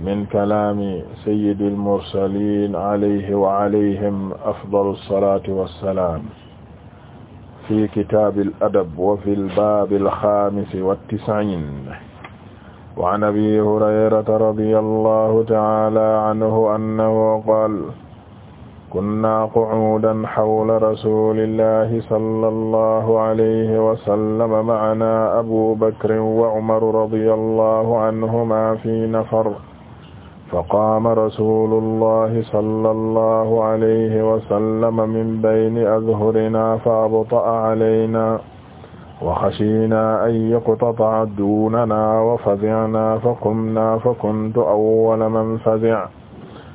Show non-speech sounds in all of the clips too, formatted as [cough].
min kalaami sayyidil mursaliin alayhi wa alayhim afdalu salaatu wa salaam fi kitaabil adab wa fil baabil xaamis wa tis'iin wa an abii hurayrata radiyallaahu ta'aalaa anhu annahu qaala kunnaa qu'uudan xawla rasuulillaahi sallallaahu alayhi wa sallam ma'anaa abuu bakrin wa umaru radiyallaahu anhumaa fii nafar faqaama rasuulullahi sallallahu alayhi wa sallam min bayni azhurinaa fa abta'a alaynaa wa xashiinaa an yuqtata'a duunanaa wa fazicnaa fa qumnaa fa kuntu awwala man fazica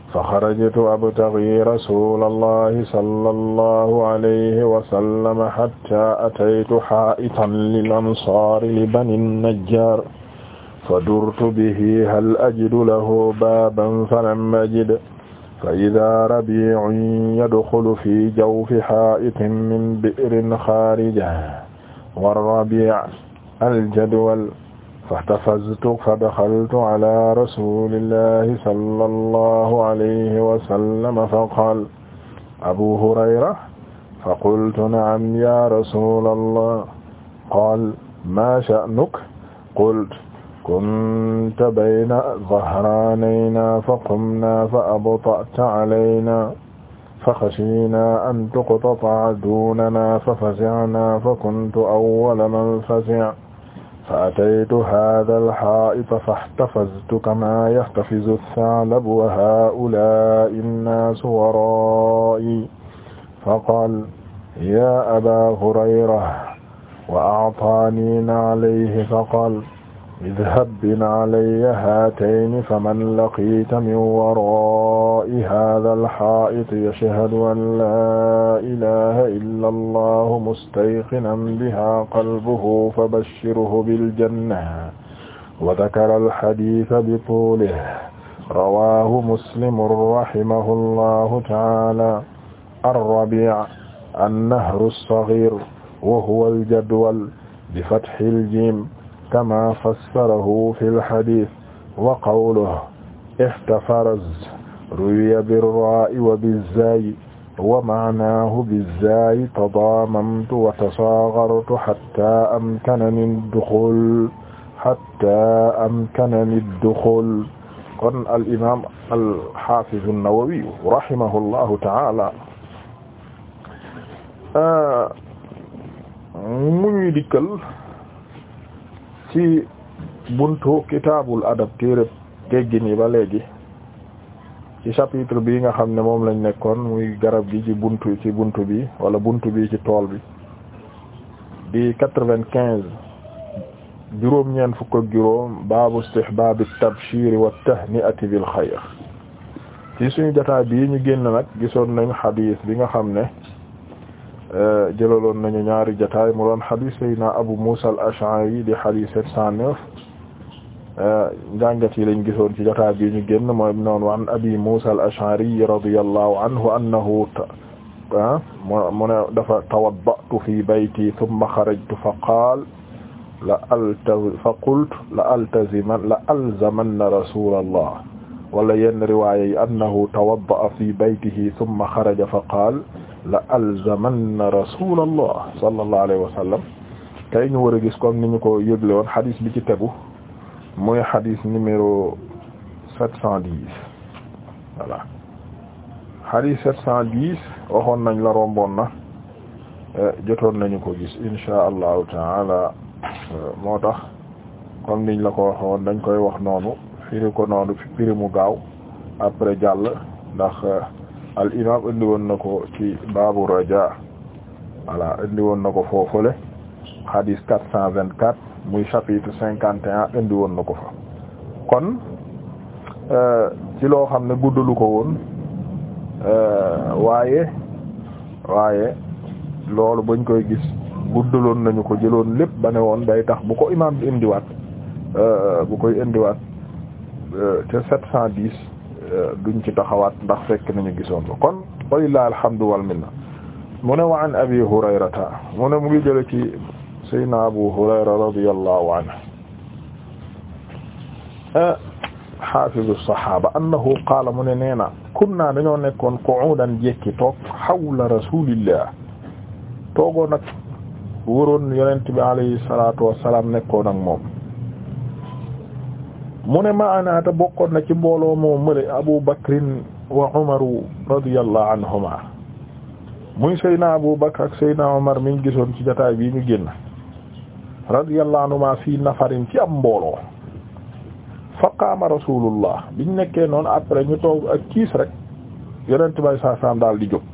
fa xarajtu abtaghii rasuulallahi sallallahu alayhi wa sallam hattaa ataytu haa'itan lil ansaari li bani najjaar fadurtu bihi hal ajidu lahu baaban falam ajid fa idaa rabiicun yadxulu fi jawfi xaa'itin min bi'rin xaarija warrabiic aljadwal fatafaztu fadaxaltu calaa rasuulillahi sallallahu alayhi wa sallam faqaala abuu hurayra faqultu nacam yaa rasuulallah qaala maa sha'nuk qultu kunta bayna zahranayna fa qumna fa abta'ta alayna fa khashina an tuqta'a dunana fa fazi'na fa kuntu awwala man fazi'a fa ataytu hadha al-ha'ita fahtafaztu kama yahtafizu ath-tha'labu wa ha'ula'i an-nasu wara'i faqala ya aba hurayra wa a'tani alayhi faqala idhab bina alayya haatayni faman laqiita min waraa'i haadhal haa'iti yashhadu an laa ilaaha illa allahu mustayqinan bihaa qalbuhu fabashshirhu biljanna wa dhakara al-hadiitha bituulihi rawaahu muslimun rahimahu allahu taala ar-rabii' an-nahru as-saghiir wa huwa al-jadwal bi fathil jiim kama fassarahu fi lxadis wa qawluhu ixtafaraz ruwiya birraa'i wa bizzaayi wa ma'naahu bizzaayi tadaamamtu wa tasaagartu hattaa amkanani dduxuul hattaa amkanani dduxuul kon al imaam al xaafizu nawawi rahimahullahu ta'aala mu ñuy dikkal ci buntu kitaabul adab téereb teggin ba léegi ci chapitre bi nga xam ne moom lañ nekkoon muy garab gi ci buntu ci buntu bi wala buntu bi ci tool bi di quatre-vingt-quinze juróom ñeent fukk ak juróom baabu istihbaabi tabshiri wa tahniati bil xayr ci suñu jotaay bii ñu génn nag gisoon nañ xadiis bi nga xam ne jëlaloon nañu ñaari jotaay mu doon xadiis Seydina Abu Muusa al-Ash'ari di xadiis 709 njàngat yi lañ gisoon ci jotaay bi ñu génn mooy noonu wa an Abi Muusa al-Ash'ari radiyallahu anhu annahu ah, mu ne dafa tawadda'tu fi bayti thumma xarajtu fa qaala la altazi fa qultu la altaziman la alzamanna rasulallah wala yenn riwaaya yi annahu tawadda'a fi baytihi thumma xaraja fa qaala la alzamanna rasulallah sallallahu alayhi wa sallam tey ñu war a gis comme ni ñu ko yëgle woon xadis bi ci tegu mooy xadis numéro 710 voilà xadis 710 waxoon nañ la romboon na eh, jotoon nañu ko gis insha allahu taala eh, moo tax comme niñ la ko waxoon dañ koy wax noonu firi ko noonu firi mu gaaw après jàll ndax eh, al imam indi woon na ko ci baabu raja voilà indi woon na ko foofule hadis quatre cent vingt quatre muy chapitre cinquante et indi woon na ko fa kon euh, ci loo xam ne guddalu ko woon euh, waaye waaye loolu bañ koy gis guddaloon nañu ko jëloon lépp ba ne woon day tax bu ko imam bi indiwaat euh, bu koy indiwaat te sept cent dix duñ ci taxawaat ndax fekk nañu gisoon ko kon walillahi alhamdu wal minna mu ne wa an abi hurayrata mu ne mu ngi jële ci saydna abu hurayra radiyallahu anhu hafizu ah, sahaba annahu qaala mu ne nee na kunna dañoo nekkoon qu'udan jekki toog hawla rasulillah toogoo nag wóroon yonent bi alayhi salatu wassalam nekkoon ak moom mu ne maanaa te bokkoon na ci mbooloo moo mële Abu Bakrin wa Umaru radiyallahu anhuma muy Seydina Abu Bakr ak Seydina Umar mi gisoon ci jotaay bii ñu génn radiyallahu anhuma fii nafarin ci am mbooloo fa qaama rasulullah biñ nekkee noonu après ñu toog ak kiis rek yonent bay saa saam daal di jóg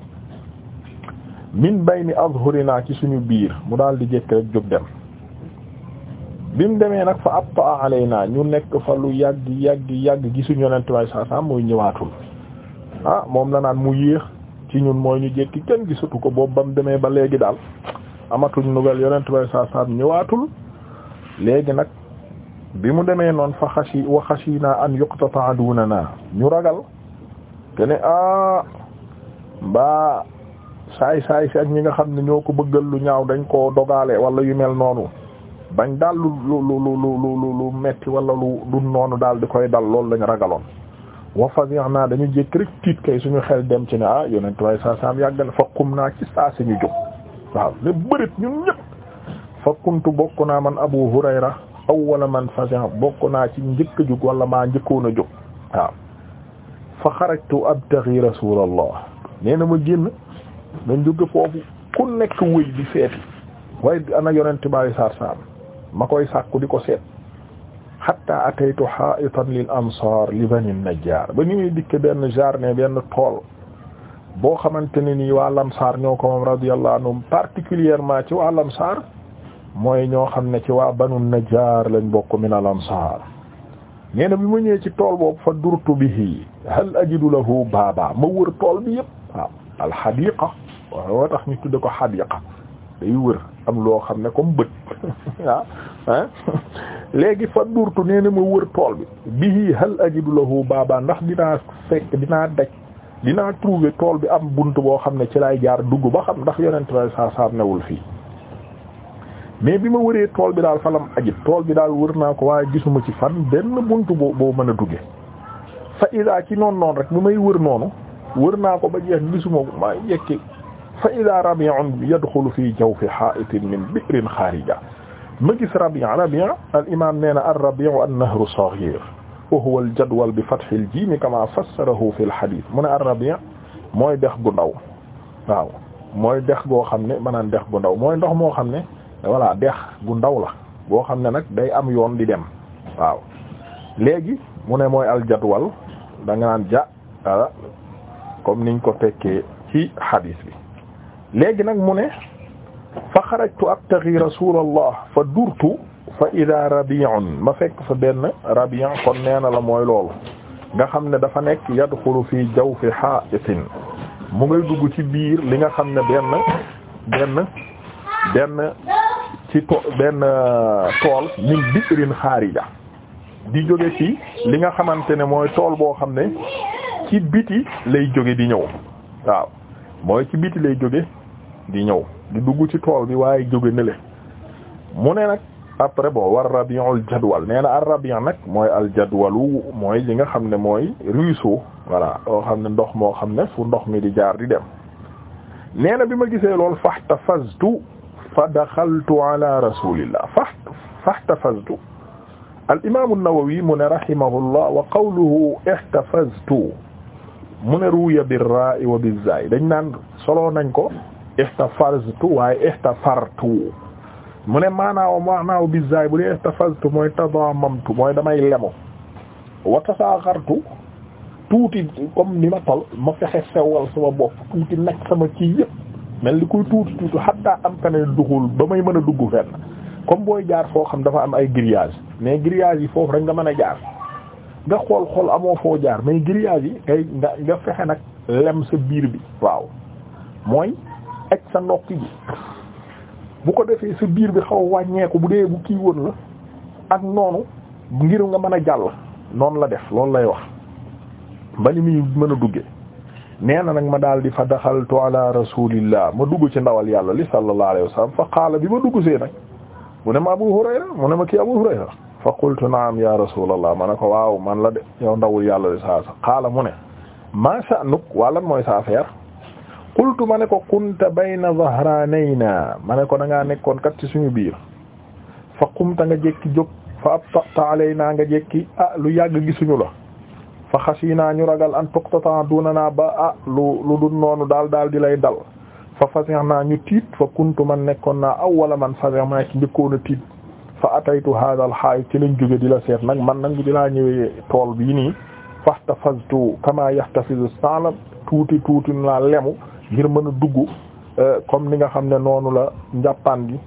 min bayni azhurina ci suñu biir mu daal di jekk rek jóg dem bi mu demee nag fa abta alayna ñu nekk fa lu yàgg yàgg yàgg gisuñu yonent way saa saa muy ñëwaatul a ah moom la naan mu yéex ci ñun mooy ñu jekki kenn gisatu ko boobu ba mu demee ba léegi daal amatuñ nouvelle yonent way saa ñëwaatul léegi nag bi mu demee noon fa xashi wa xashina an yuqtata naa ñu ragal te ne ah mbaa saay saay si ak ñi nga xam ne ñoo ko bëggal lu ñaaw dañ koo dogaale wala yu mel noonu bañ daal lu lu lu lu lu metti wala lu du noonu daal di koy dal loolu lañu ragaloon wa fadi'na dañu jékk rek tiit kay suñu xel dem ci ne ah yonent waaye saa saam yàgg na fa qumna ci saa si ñu jóg waaw ne bërit ñun ñëpp fa kuntu bokk naa man Abu Hurayra awwala man fadi'a bokk naa ci njëkk a jóg wala maa njëkkoon a jóg waaw fa xarajtu abtaghi rasulallah nee na ma génn dañ jóge foofu ku nekk wëy di feeti waaye ana yonent bàyyi saa saam ma koy sàkku di ko seet hatta ataytu ha'itan lil ansar li bani najjar ba ni muy dikke benn jardin benn tool boo xamante ne nii waa lamsaar ñoo ko moom radiyallahu anhum ci waa lamsaar mooy ñoo xam ne ci waa banu najjar lañ bokk min al ansar na bi ma ñëwee ci tool boobu fa durtu bihi hal ajidu lahu baaba ma wër tool bi yëpp waaw al hadiqa waaw tax ñu tudde ko hadiqa day wër am loo xam ne comme bët waaw [laughs] ah léegi fa durtu nee ne ma wër tool bi bihi hal ajidu lahu baaba ndax dinaa fekk dinaa daj dinaa trouver tool bi am bunt boo xam ne ci lay jaar dugg ba xam ndax yonent bay saa saam newul fii mais bi ma wëree tool bi daal falam ajib tool bi daal wër naa ko waaye gisuma ci fan benn bunt boo boo mën a dugge fa ida ci noon noonu rek bi may wër noonu wër naa ko ba jeex gisuma ko ma jekki fa ida rabi'un yadxulu fi jawfi ha'itin min bi'rin xaarija ma gis rabia rabia al imam nee na ar rabi'u an nahru saghir wa huwa al jadwal bi fathi al jim kama fassarahu fi al hadith mu ne ar rabi' mooy dex gu ndaw waaw mooy dex goo xam ne maanaam dex gu ndaw mooy ndox moo xam ne voilà dex gu ndaw la boo xam ne nag day am yoon di dem waaw léegi mu ne mooy al jadwal da nga naan ja ah, comme niñ ko tekkee ci hadith bi léegi nag mu ne fa xarajtu abtaghi rasulallah fa durtu fa ida rabi'un ma fekk fa benn rabi'un kon nee na la mooy lool nga xam ne dafa nekk yadxulu fi jawfi ha'itin mu ngay dugg ci biir li nga xam ne benn benn benn ci to benn tool min bi'rin xaarija di jóge ci li nga xamante ne mooy tool boo xam ne ci biti lay jóge di ñëw waaw mooy ci biti lay jóge di ñëw di dugg ci tool bi waaye jóge nele mu ne nag après bon war rabi'ul jadwal nee na ar rabi' nag mooy al jadwalu mooy li nga xam ne mooy ruisseau voilà loo xam ne ndox moo xam ne fu ndox mi di jaar di dem nee na bi ma gisee lool fahtafaztu fa daxaltu ala rasulillah fahtafaztu al imaamu nawawi mu ne rahimahullah wa qawluhu ihtafaztu mu ne ruya bir ra'i wa biz za'i dañ naan solo nañ ko ihtafartu waaye ihtafartu mu ne maanaaw maanaaw bi zaay bu dee ihtafartu mooy tadamamtu mooy damay lemu wa tasaaxartu tuuti comme ni ma tol ma fexe sewal sama bopp tuuti nag sama kii yëpp mel ni kuy tuuti tuuti xatta am ka ne duxul ba may mën a dugg fenn comme booy jaar foo xam dafa am ay grillage mais grillage yi foofu rek nga mën a jaar nga xool xool amoo foo jaar mais grillage yi ngay nga nga fexe nag lem sa biir bi waaw mooy aj sa nokki ji bu ko defee sa biir bi xaw wàññeeku bu dee bu kii woon la ak noonu ngir nga mën a jàll noonu la def loolu lay wax ba ni muy mën a dugge nee na nag ma daal di fa daxaltu ala rasulillah ma dugg ci ndawal yàlla li sallallahu alayhi bi ma dugg see nag mu ne ma Abu Hurayra mu ne ma kii Abu Hurayra fa qultu naam ya rasulallah ma ne ko waaw man la de yow ndawul yàlla li saa sa qaala mu ne ma sha'nuk waa lan mooy sa affaire qultu ma ne ko kunta bayna zahranayna ma ne ko da ngaa nekkoon kat ci suñu biir fa qumta nga jekki jóg fa abtata alayna nga jekki a ah, lu yàgg gisuñu la fa xasina ñu ragal an na naa ba ah lu lu dul noonu daal daal di lay dal fa fasihna ñu tiit fa kuntu man nekkoon naa awwala man fasih maa ci a tiit fa ataytu hadha al hayd ci lañ jóge di la seet nag man nag di laa ñëwee tool bii nii fahtafaztu kama yahtafizu sa'lab tuuti tuuti na lemu ngir mën a dugg euh, comme ni nga xam ne noonu la njàppaan gi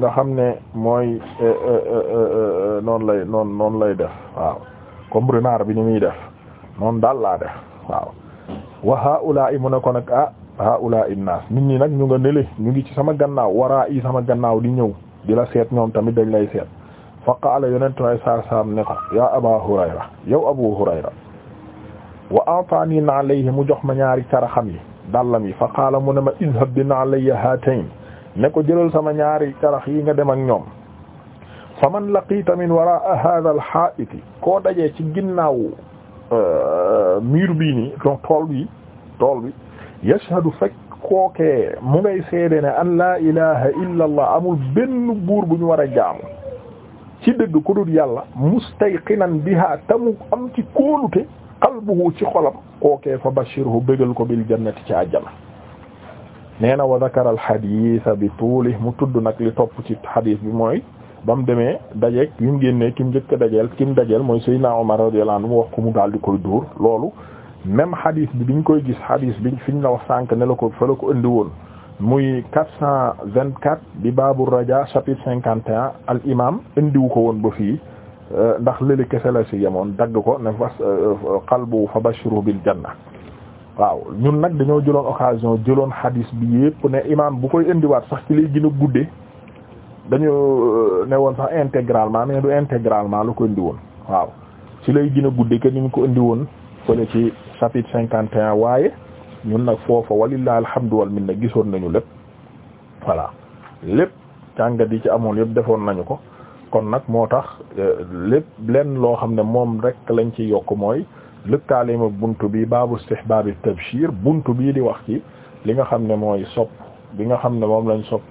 nga xam ne mooy euh, euh, noonu lay noonu noonu lay def waaw comme renard bi ñu muy def noonu daal laa def waaw wa haula'i mu ne ko nag ah haula'i naas nit ñi nag ñu nga nele ñu ngi ci sama gannaaw waraa yi sama gannaaw di ñëw di la seet ñoom tamit dañ lay seet fa qaala yonent way saar saam ne yaa aba hurayra yow abu hurayra wa a'tani alayhi mu jox ma ñaari caraxam yi dàllam yi fa qaala mu ne ma idhab bi na'layya haatayn ne ko jëlal sama ñaari karax yi nga dem ak ñoom fa man laqiita min waraa hadha al haa'iti koo dajee ci ginnaaw euh, miir bii nii donc tool bi tool bi yashhadu fekk mu ngay seede ne an laa ilaha illa amul benn buur bu ñu war a jaamu ci dëgg ku dul yàlla mustayqinan biha tamu am ci kóolute qalbuhu ci xolam kookee fa bashirhu bégal ko bil jannati ci àjjana nee na wa dhakara al hadith bi tuuli mu tudd nag li topp ci hadith bi mooy ba mu demee dajeeg yi mu génnee ki mu njëkk a dajeel ki mu dajeel mooy Seydina Omar radiyallahu anhu wax ko mu daal di koy dóor loolu même hadith bi biñ koy gis hadith bi fiñ la wax sànq ne la ko fa la ko indi woon muy 424 di Baabu Raja chapitre 51 al imam indiwu ko woon ba fii. Euh, ndax lëli kese la ci yemoon dagg ko ne fas euh, euh, qalbu fa bashiru bil janna waaw ñun nag dañoo jëloon occasion jëloon hadis bi yépp ne imaam bu koy indiwaat sax ci liy gën a guddee dañu ne woon sax intégralement mais du intégralement la ko indiwoon waaw ci lay gën a guddee que ni ñu ko indi woon fële ci chapitre cinquante et waaye ñun nag foofa walillahi alhamdu wal minna gisoon nañu lépp voilà lépp jàngat yi ci amoon yépp defoon nañu ko kon nag moo tax. lépp lenn loo xam ne moom rek lañ ci yokk mooy lëkkaaleema bunt bi baabu istihbaabi tabshir buntu bii di wax ci li nga xam ne mooy sopp bi nga xam ne moom lañ sopp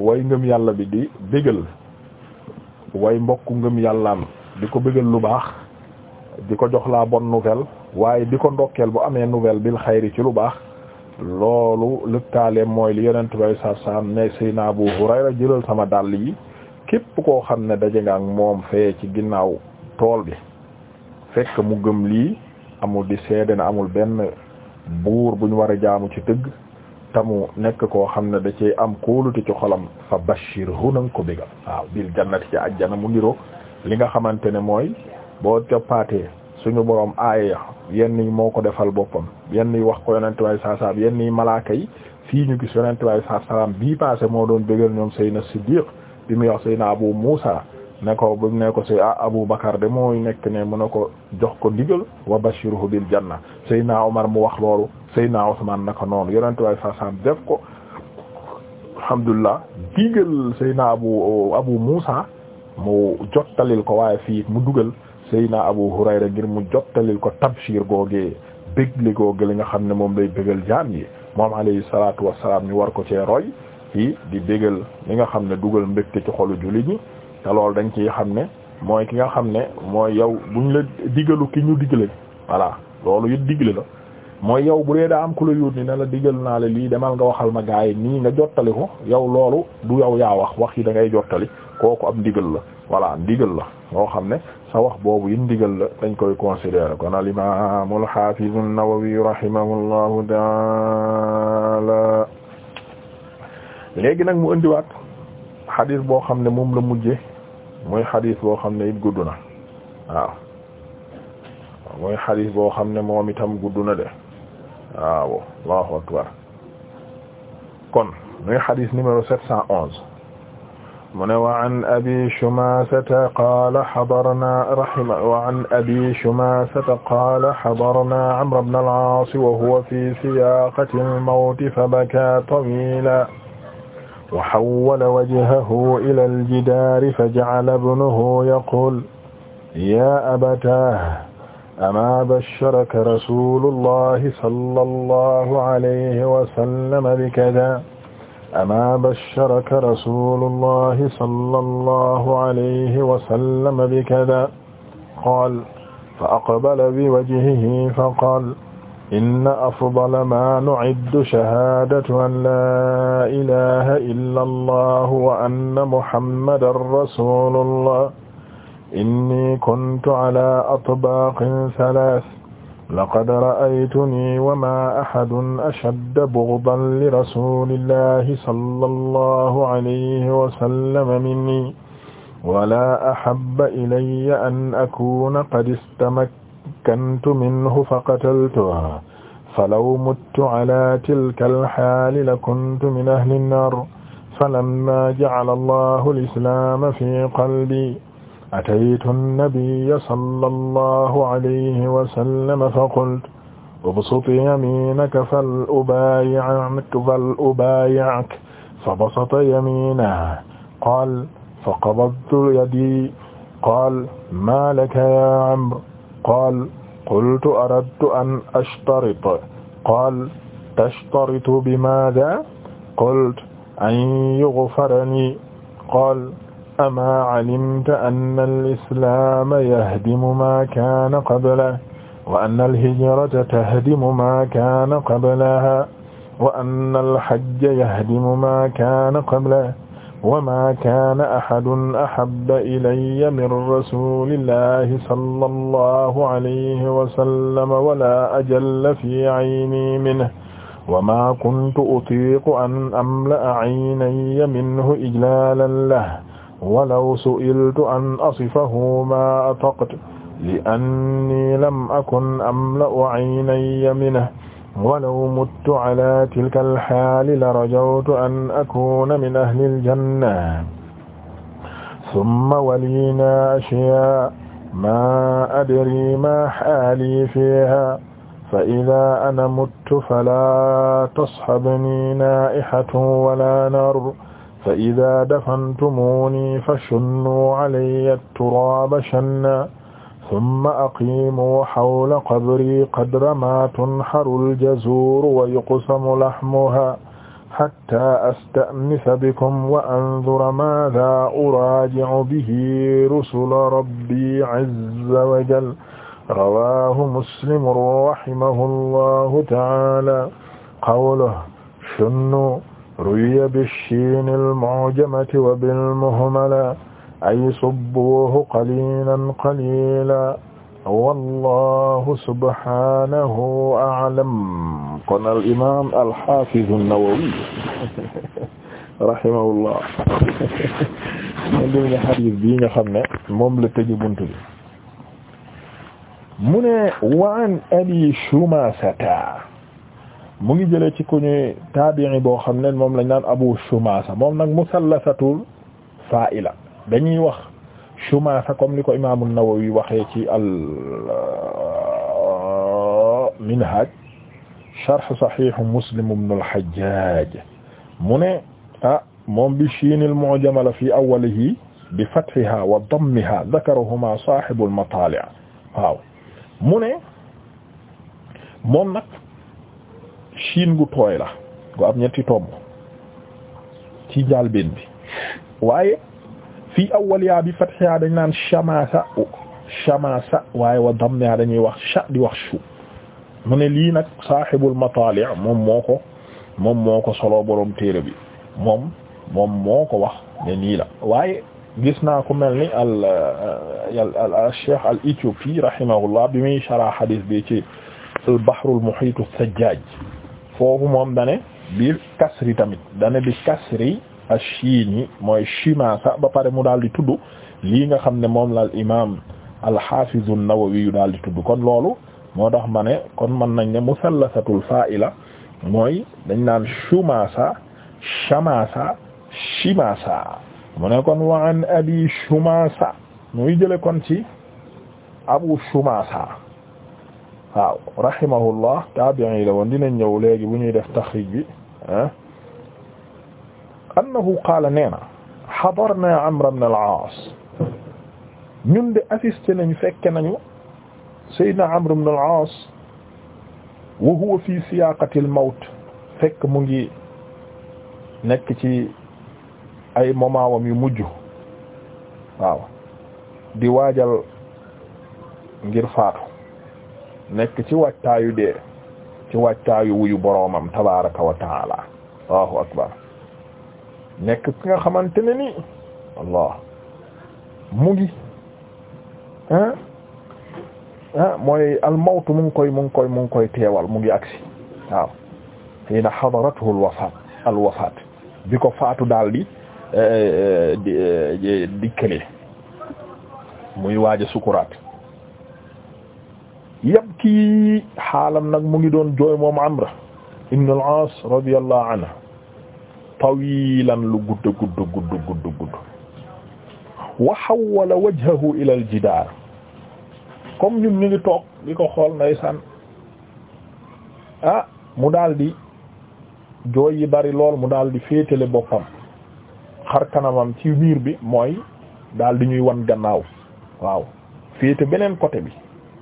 way ngëm yàlla bi di bégal way mbokk ngëm yàllaam di ko bégal lu baax di ko jox laa bonne nouvelle waaye di ko ndokkeel bu amee nouvelle bil xayri ci lu baax loolu lëkkaaleem mooy li yonent bay sar sam ne sayna Abu Hurayra jëlal sama dàll yi képp koo xam ne daje nga moom fee ci ginnaaw tool bi fekk mu gëm lii amul di seede na amul benn buur buñ war a jaamu ci dëgg tamu nekk koo xam ne da cee am kóolute ci xolam fa bashir hu nanga ko bégal waaw bil jannati ci ajjana mu niroo li nga xamante ne mooy boo coppaatee suñu borom aaya yenn yi moo ko defal boppam yenn yi wax ko yonente way saa yenn yi malaaka yi fii ñu gis yonente way saa saam bii passé moo doon bégal ñoom Seydina Siddiq bi muy wax Seydina Abu Muusa ne ko bu ne ko si ah Abu Bakar de nekk ne mu ne ko jox ko digal wa bashiruhu bil janna Seydina Omar mu wax loolu Seydina Usmaan naka noonu yonent waaye sa sam def ko alhamdulillah digal Seydina Abu Abu Muusa mu jottalil ko waaye fii mu dugal Seydina Abu Hurayra ngir mu jottalil ko tabshir googee bégle googe li nga xam ne moom lay bégal jaam yi moom alayhi salaatu wassalaam ñu war ko cee roy ci di bégal li nga xam ne dugal mbégte ci xolu jullit ñi te loolu dañ ciy xam ne mooy ki nga xam ne mooy yow buñ la digalu ki ñu digle voilà loolu it digle la mooy yow bu dee daa am ku la yónni ne la digal naa la lii demal nga waxal ma gaa yi nii nga jottali ko yow loolu du yow yaa wax wax yi da ngay jottali kooku am ndigal la voilà ndigal la loo xam ne sa wax boobu yi ndigal la dañ koy considérer kon al imaam al nawawi rahimahullahu léegi nag mu indiwaat xadis boo xam ne moom la mujje mooy xadis boo xam ne it gudd na waaw mooy xadis boo xam ne moom itam gudd na de waaw Allahu akbar kon mooy xadis numéro sept cent onze mu ne wa an abi Shumaasata qaala xadarnaa rahima wa an abi Shumaasata qaala xadarnaa Amr ibn al-Aas wa huwa fi siyaaqati al-mawti fa bakaa tawiilaa wa hawwala wajhahu ila aljidaari faja'ala ibnuhu yaqul yaa abatah amaa basharaka rasuulullahi sallallahu alayhi wa sallam bikadhaa amaa basharaka rasuulullahi sallallahu alayhi wa sallam bikadhaa qaala fa aqbala biwajhihi faqaala inna afdala ma nu'iddu shahaadatu an laa ilaha illa allah wa anna muhammadan rasulullah inni kuntu ala atbaaqin salaas laqad ra'aytuni wa ma ahadun ashadda bughdan li rasulillahi sallallahu alayhi wa sallam minni wala ahabba ilayya an akuna qad istamak makkantu minhu fa qataltuha falaw muttu ala tilka alxaali lakuntu min ahli nnar falamma jacala allahu alislaama fi qalbi ataytu annabiya sallallahu alayhi wa sallam fa qultu ubsut yaminaka fal ubaayi'aka fal ubaayi'aka fabasata yaminahu qaala faqabadtu yadii qaala maa laka yaa camr qaal qultu aradtu an ashtarit qaal tashtaritu bimaada qultu an yughfarani qaal amaa calimta anna al-islaama yahdimu maa kaana qablahu wa anna al-hijrata tahdimu maa kaana qablahaa wa anna al-hajja yahdimu maa kaana qablahu wama kaana axadun axabba ilayya min rasulillahi sallallahu alayhi wa sallam wala ajalla fi ayni minhu wama kuntu utiiqu an amla'a aynayya minhu ijlaalan lahu walaw su'iltu an asifahu ma ataqtu li anni lam akun amla'u aynayya minhu walaw muttu ala tilka alxaali la rajawtu an akuna min ahli aljanna summa walina ashyaa ma adri ma xaali fiiha fa ida ana muttu fala tasxabni naa'ixatun wala nar fa ida dafantumuuni fashunnu alayya turaaba shanna summa aqiimu xawla qabri qadra maa tunxaru aljazuuru wa yuqsamu laxmuhaa xattaa asta'nisa bikum wa anzura maadaa uraaji'u bihi rusula rabbii azza wa jal rawaahu muslimun rahimahu llaahu ta'aalaa qawluhu shunnu ruwiya bishiini almu'jamati wa bilmuhmalati ay subbuhu qalilan qalila wallahu subhanahu a'lam kon al imam al hafiz an-Nawawi rahimahullah ndil nga xadis bii nga xam ne moom la tëj bunt bi mu ne wa an Abi Shumasata mu ngi jëlee ci ku ñuy taabi'i boo xam ne moom lañ naan Abu Shumasa moom nag musallasatul fa'ila dañuy wax shumaasa comme li ko imaamu Nawawi waxee ci al euh, minhaj sharh sahih Muslim ibn al-Hajjaj mu ne ah moom bi shiinil mu'jama la fi awwalihi bi fathiha wa dammiha dhakarahuma mu ne moom nag shiin gu tooy la gu am ñetti tomb ci jàlbeen bi fii awwaliha bi fathiha dañ naan shamasa shamasa waaye wa dammiha dañuy wax sha di wax shu mu ne lii nag sahibul matali' moom moo ko moom moo ko solo borom téere bi moom moom moo ko wax ne nii la waaye gis naa ko mel ni al al al cheikh al éthiopie rahimahullah bi muy shara hadis bi ci al bahrul muhit as-sajjaj foofu moom dane bi kasri tamit dane bi kasri ash-Shiini mooy Shimaasa ba pare mu daal di tudd lii nga xam ne moom la al imaam al-Haafiz an-Nawawi daal di tudd kon loolu moo tax ma ne kon mën nañ ne musallasatul faa'ila mooy dañ naan Shumaasa Shamaasa Shimaasa mu ne kon wa an Abi mu muy jële kon ci Abu Shumaasa waaw rahimahullah taabi'i la woon dinañ ñëw léegi bu ñuy def taxriij bi annahu qaala nee na hadarna Amr ibn al-Aas ñun de assisté nañu fekke nañu Seydina Amr ibn al-Aas wa huwa fi siyaaqati al-mawt fekk mu ngi nekk ci ay moment wam yu mujj waaw di waajal ngir faatu nekk ci waajtaayu dee ci waajtaayu wuyu boroomam tabaaraka wa taala Allahu akbar nekk ki nga xamante ne ni allah mu ngi ah mooy almawtu mu ngi koy mu ngi koy mu ngi koy teewal mu ngi agsi waaw xiina xadaratuhu alwafaat alwafaat bi ko faatu daal di eh, eh, di dikkale muy waaja sukuraat ki xaalam nag mu ngi doon jooy moom Amr ibn al-Aas radiyallahu anhu tawilan lu gudd gudd gudd gudd gudd wa hawwala wajhahu ila al jidaar comme ñun ñu ngi toog di ko xool ndeysaan ah mu daldi jooy yi bari lool mu daldi féetale boppam xar kanamam ci miir bi mooy daldi ñuy wan gannaaw waaw féete beneen côté bi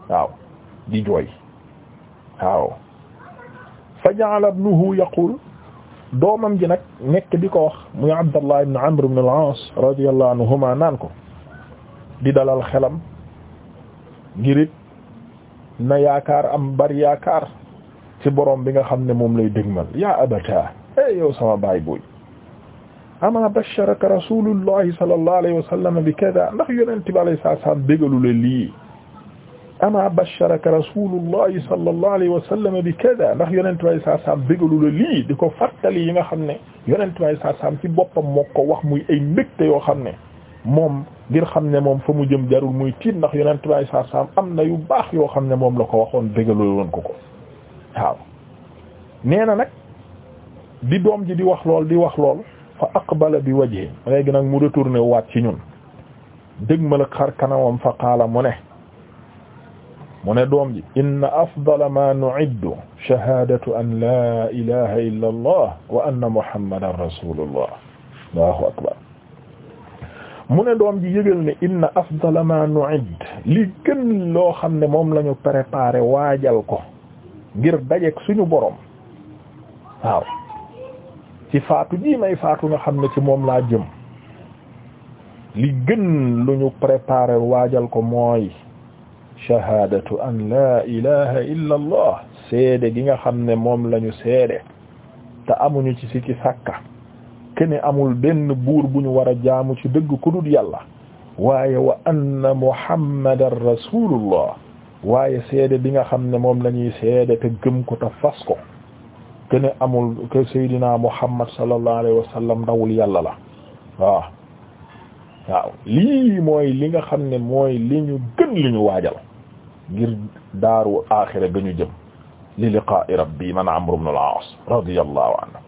waaw di jooy waaw fa ja'ala ibnuhu yaqul doomam ji nag nekk di ko wax muy Abdallah ibn Amr ibn al-Aas radiyallahu anhuma naan ko di dalal xelam ngir na yaakaar am bari yaakaar ci bi nga xam ne moom lay dégmal yaa abata eh yow sama baay buy ama basharaka ka sallallahu alayhi wa sallam bi kada ndax yonent bi alayhi salaam bégalu la lii ama basharaka ka sallallahu alayhi wa sallam bi kada ndax yonentu way saa saam bégalu la lii di ko fàttali yi nga xam ne yonentu way saa saam ci boppam moo ko wax muy ay mbégte yoo xam ne moom ngir xam ne moom fa mu jëm jarul muy tiit ndax yonentu way saa saam am na yu baax yoo xam ne moom la ko waxoon bégalu woon ko ko waaw nee na nag di doom ji di wax lool di wax lool fa aqbala bi wajhi léegi nag mu retourné waat ci ñun dëgg ma xar kanamam fa qaala mu ne mu ne doom ji inna afdala ma nu'iddu shahaadatu an laa ilaha illa allah wa anna mu ne doom ji yëgal ne inna afdala ma nu'idd li gën loo xam ne moom la ñu préparé waajal ko ngir dajeek suñu borom waaw ci faatu ji may faatu nga xam ne ci moom laa jëm li gën lu ñu préparé waajal ko mooy shahaadatu an gi nga xam ne moom lañu seede te amuñu ci sikki sàkka kene amul benn buur bu ñu war a jaamu ci dëgg ku dul yàlla waaye wa anna muhammadan rasulullah waaye seede bi nga xam ne moom la ñuy seede te gëm ko te fas ko kene amul que seydina muhammad sallallahu alayhi wa sallam ndawul yàlla la waaw lii mooy li nga xam ne mooy li ñu gën li ñu waajal ngir daaru aaxira ga ñu jëm li liqaa'i rabbi man Amru ibn al-Aas radiyallahu anhu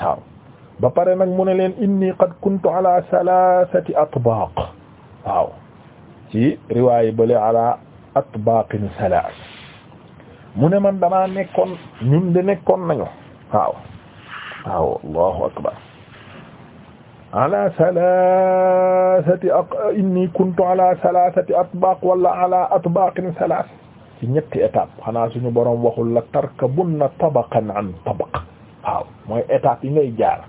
waaw ba pare nag mu ne leen inni qad kuntu ala thalathati atbaaq waaw ci riwaay bale ala atbaaqin thalath mu ne man damaa nekkoon ñun de nekkoon nañu waaw waaw allahu akbar ala salasati a inni kuntu ala salasati atbaq wala ala atbaqin salas ci ñetti étape xanaa suñu borom waxul la tarkabunna tabaqan an tabaq waaw mooy étape yi ngay jaar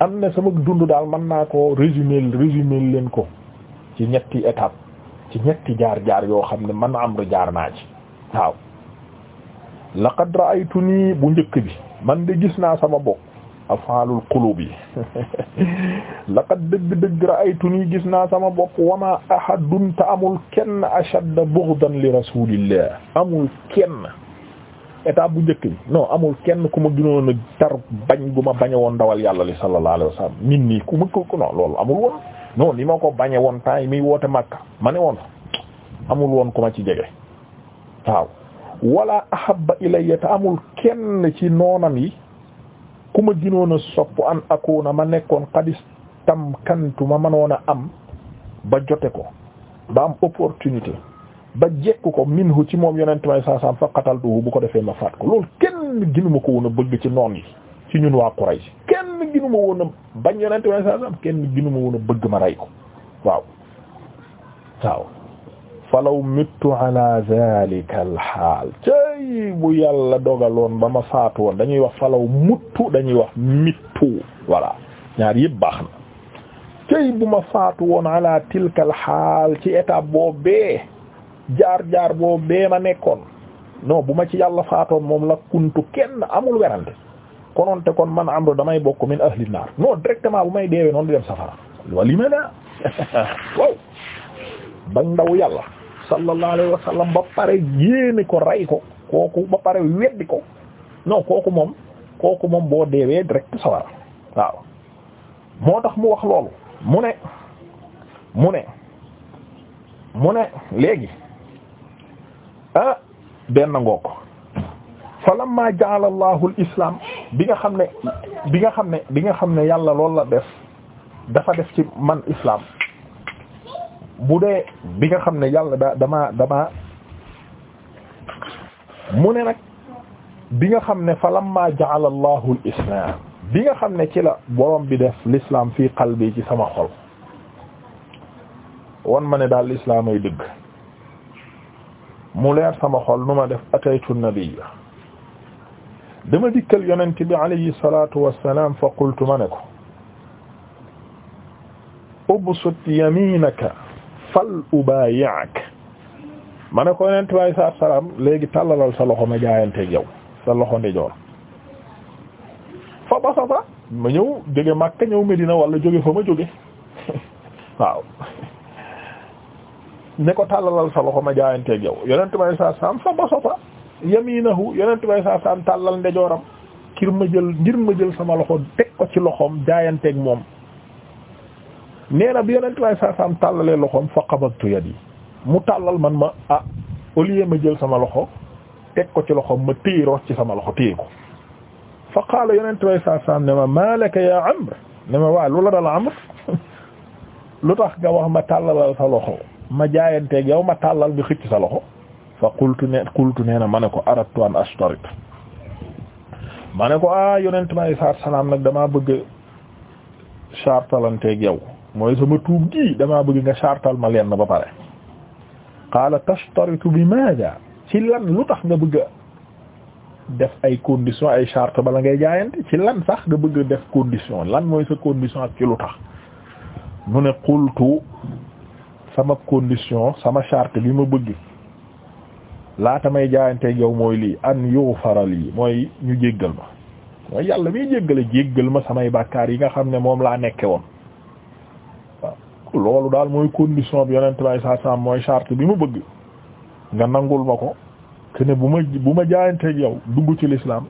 am na sama dund daal mën naa ko résumer résumer leen ko ci ñetti étape ci ñetti jaar-jaar yoo xam ne man amru jaar naa ci waaw laqad ra'aytuni bu njëkk bi man de gis naa sama bopp afaalul qulub yi [laughs] laqad dëgg dëgg ra'aytuni gis naa sama bopp wama ahadun ta amul kenn ashadda bughdan li rasulillah amul kenn étape bu njëkk bi non amul kenn ku ma gënoon a tar bañ gu ma bañe woon ndawal yàlla li sallallahu alayhi wasallam nit nii ku ma ko non loolu amul woon non ni ma ko bañe woon temps yi muy woote Makka ma ne woon amul woon ku ma ci jege waaw wala ahabba ilayya ta amul kenn ci noonam yi ku ma ginoon a sopp an akuna ma nekkoon xadis tam kantu ma mënoon a am ba jote ko ba am opportunité ba jekk ko minhu ci moom yonent may saasaam fa qataltuhu bu ko defee ma faat ko loolu kenn ginuma ko woon bëgg ci noon yi ci ñun waa Quraysh kenn ginuma woon a bañ yonent may saasaam kenn ginuma woon bëgg ma rey ko waaw waaw falaw mittu ala zalika al xaal bu yàlla dogaloon ba ma faatu woon dañuy wax falaw muttu dañuy wax mittu voilà ñaar yëpp baax na bu ma faatu woon ala tilka al xaal ci étape boo jaar-jaar boo bee ma nekkoon non bu ma ci yàlla faatoon moom la kuntu kenn amul werante kononte kon man amru damay bokk min ahli naar non directement bu may deewee noonu di dem safara wali ma na ah. [laughs] ndaw yàlla sallallahu alayhi wa sallam ba pare yéene ko rey ko kooku ba pare weddi ko non kooku moom kooku moom boo deewee direct sawara waaw moo tax mu wax loolu mu ne mu ne mu ne léegi ah benn ngoog fa lamma ja'ala Allahu islam bi nga xam ne bi nga xam ne bi nga xam ne yàlla loolu la def dafa def ci man islam bu dee bi nga xam ne yàlla da mu ne nag bi nga xam ne fa lamma ja'ala Allahu al-islam bi nga xam ne kila la bi def l'islam fii qalbi ci sama xol wan ma ne daal l'islam ay dëgg mu leer sama xol nu ma def ataytu nabiyya dama dikkal yonent bi alayhi salatu wassalam fa qultu ma ne ko ubsut yaminaka fal ubaayi'ak ma ne ko yonent bi saa léegi tàllalal sa loxo ma jaayanteeg yow sa loxo ndejoor fa basata ma ñëw jóge Makka ñëw Medina wala jóge fa ma jóge [laughs] waaw ne ko tàllalal sa loxo ma jaayanteeg yow yonent bi saa salaam fa basata yaminahu yonent bi saa salaam tàllal ndijooram ngir ma jël ngir ma jël sama loxo teg ko ci loxoom jaayanteeg moom nee na bi yonent way saasaam tàllalee loxoom fa qabattu yadi mu tàllal man ma ah au ma jël sama loxo teg ko ci loxoom ma téye roc ci sama loxo téye ko fa qaala yonent way saasaam ne ma maalaka ya Amr ne ma waa lu la dal Amr [laughs] lu tax nga wax ma tàllalal sa loxo ma jaayanteeg yow ma tàllal bi xëcc sa loxo fa qultu ne na ma ne ko aradtu an ma ne ko ah yonent may saar salaam nag damaa bëgg chartalanteeg yow mooy sama tuub gi damaa bëgg nga sartal ma leen ba pare qaala tashtaritu bi maaja ci lan lu tax nga bëgg def ay condition ay charte bala ngay jaayante ci lan sax nga bëgg def condition lan mooy sa condition ak ci lu tax mu ne qultu sama condition sama chart bi ma bëgg laata may jaayanteeg yow mooy lii an yughfara lii mooy ñu jéggal ma mooy yàlla miy jéggale jéggal ma samay bàkkaar yi nga xam ne moom laa nekke woon loolu daal mooy condition bi yonent bay saa saam mooy charte bi mu bëgg nga nangul ma ko te ne bu ma bu ma jaayanteeg yow dugg ci l'islam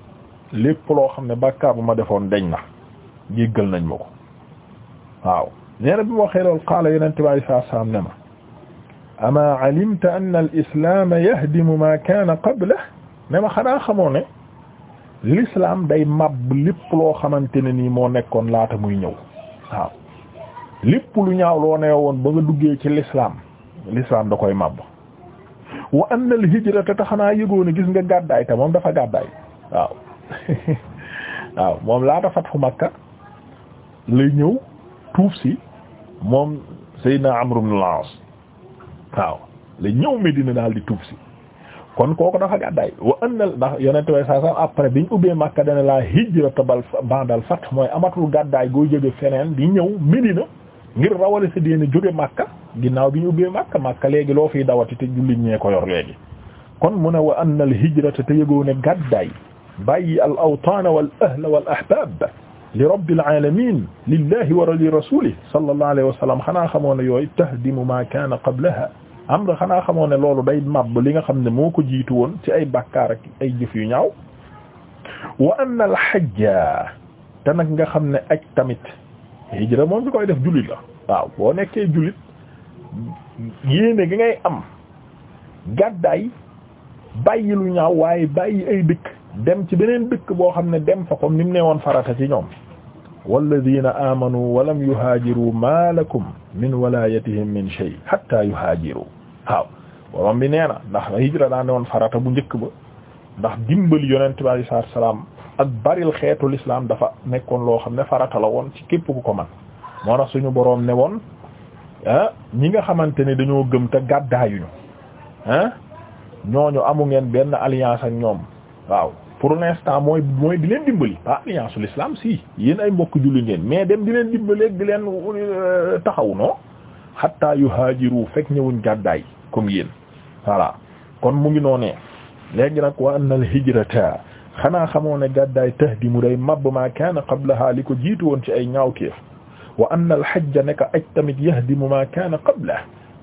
lépp loo xam ne bàkkaar bu ma defoon deñ na jéggal nañ ma ko waaw nee bi ma waxee loolu qaala yonent bay saa saam ne ma ama alimta anna al islam yahdimu ma kaana qablahu ne ma xanaa xamoo ne l'islam day màbb lépp loo xamante ne nii moo nekkoon laata muy ñëw lépp lu ñaaw loo nee woon ba nga duggee ci lislaam l'islam da koy màbb wa anna al hijrata te xanaa yëgoon a gis nga gàddaay te moom dafa gàddaay waaw [laughs] waaw moom laata fathu Makka ñëw tuuf si moom Seydina Amr ibn al-As waaw la ñëw Medina daal di tuuf si kon kooku dafa gàddaay wa anna ndax yonent way saa après biñ ubbee Makka dana laa hijrata bal ba'da al-fath mooy amatul gàddaay goo jege feneen di ñëw Medina ngir rawale sa diine jóge Makka ginnaaw bi ñu ubbee Makka Makka léegi loo fiy dawati te jullit ñee ko yor léegi kon mun ne wa anna al hijrata te yëgoo ne gàddaay bàyyi al awtaana wal ahla wal ahbab li rabbil alamin lillahi wa li rasulih sallallahu alayhi xanaa xamoo ne yooyu tahdimu ma kaana qablaha am nga xanaa xamoo ne loolu day màbb li nga xam ne moo ko jiitu woon ci ay bàkkaar ak ay jëf yu ñaaw wa anna al te nag nga xam ne aj tamit hijra moom bi koy def jullit la waaw boo nekkee jullit yéene gi ngay am gàddaay bàyyi lu ñaaw waaye bàyyi ay dëkk dem ci beneen dëkk boo xam ne dem fa comme ni mu ne woon farata ci ñoom walladina amanu walam yuhaajiru ma lakum min walayatihim min shay hatta yuhaajiru waaw borom bi nee ndax hijra daa ne woon farata bu njëkk ba ndax dimbali yonent bi alayhi salaatu salaam ak baril xeetu lislaam dafa nekkoon loo xam ne farata la woon ci képp ko man moo tax suñu boroom ne woon ah, ñi nga xamante ne dañoo gëm te gàddaayuñu ah ñooñu amu ngeen benn alliance ak ñoom waaw pour l'instant mooy di leen dimbali pas alliance lislaam si yéen ay mbokk julli ngeen mais dem di leen dimbali di leen euh, taxaw non xattaayu yuhaajiru fekk ñëwuñ gàddaay comme yéen voilà kon mu ngi noonee léegi nag wa anna al hijrata xanaa xamoo ne gàddaay tahdimu day mabb ma kaana qablaha li ko jiitu woon ci ay ñaawteef wa anna al hajja nekk aj tamit yahdimu ma kaana qabla